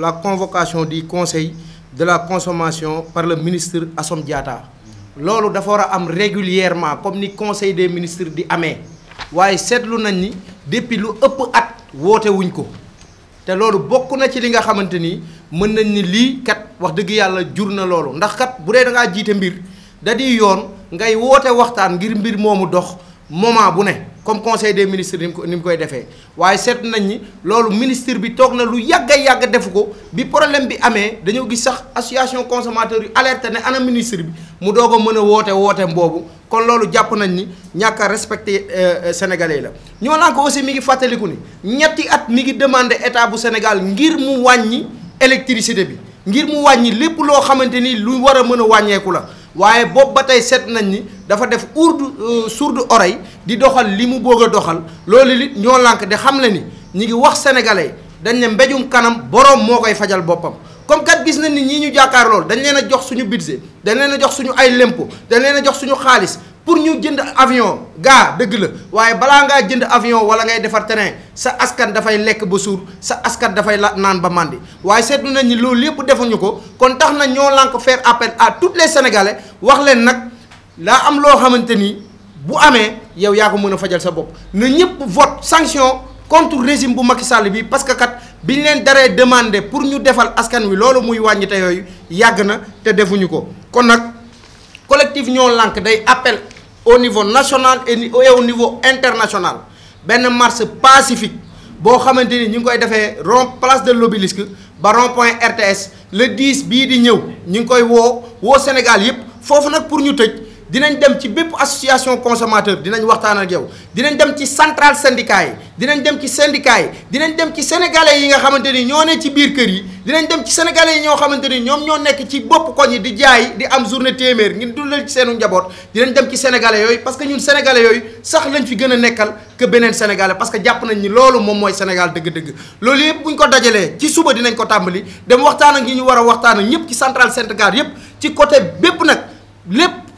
la convocation du conseil de la consommation par le ministre Assome Diatta loolu dafa am régulièrement comme ni conseil des ministres di amee waaye seetlu nañ ni depuis lu ëpp at woote wuñ ko te loolu bokk na ci li nga xamante ni nañ ni lii kat wax dëgg yàlla jur na loolu ndax kat bu dee da ngaa jiite mbir da di yoon ngay woote waxtaan ngir mbir moomu dox moment bu ne comme conseil des ministres ni mu ko ni mu koy defee waaye seet nañ ni loolu ministre bi toog na lu yàgg a yàgg defu ko bi problème bi amee dañoo gis sax association consommateur yu alerte ne ana ministre bi mu doog a mën a woote wooteem boobu kon loolu jàpp nañ ni ñàkk a respecté euh, euh, sénégalais la. ñoo laa ko aussi mi ngi fàttaliku ni ñetti at mi ngi demandé état bu Sénégal ngir mu wàññi électricité bi. ngir mu wàññi lépp loo xamante ni lu war a mën a wàññeeku la waaye boobu ba tey nañ ni dafa def urdu euh, surdu oreille di doxal limu mu bëgg a doxal loolu li ñoo lànk de xam la ni ñi ngi wax sénégalais dañ ne mbejum kanam borom moo koy fajal boppam comme kat gis na ni ñii ñu jàkkaar loolu dañ leen a jox suñu budget dañ leen jox suñu ay lempo dañ leen jox suñu xaalis pour ñu jënd avion ga deug la waye bala nga jënd avion wala ngay e défar terrain sa askan da fay lek bu sour sa askan da fay nan ba mandi waye sét nañ ni lool yépp defuñu ko kon tax na ño lank faire appel à toutes les sénégalais wax len nak la am lo xamanteni bu amé yow ya ko mëna fajal sa bop ne ñepp vote sanction contre régime bu Macky Sall bi parce que kat biñ leen daré demander pour ñu défal askan wi loolu muy wañi tay yoy yag na té defuñu ko kon nak collectif ñoo Lank appelle appel au niveau national et au niveau international le marche pacifique boo mars pacifique. place de l'Obélisque baron le 10 bi di avons nous Sénégal pour nous dinañ dem ci bépp association consommateur dinañ waxtaan ak yow dinañ dem ci central syndicat yi dinañ dem ci syndicat yi dinañ dem ci sénégalais yi nga xamante ni ñoo ne ci biir kër yi dinañ dem ci sénégalais yi ñoo xamante ni ñoom ñoo nekk ci bopp koñ yi di jaay di am journée téeméer ngir dundal ci seenu njaboot dinañ dem ci sénégalais yooyu parce que ñun sénégalais yooyu sax lañ fi gën a nekkal que beneen sénégalais parce que jàpp nañ ni loolu moom mooy Sénégal dëgg-dëgg loolu yëpp buñ ko dajalee ci suba dinañ ko tàmbali dem waxtaan a ngi ñu war a waxtaan ñëpp ci central syndicat yëpp ci côté bépp nag lépp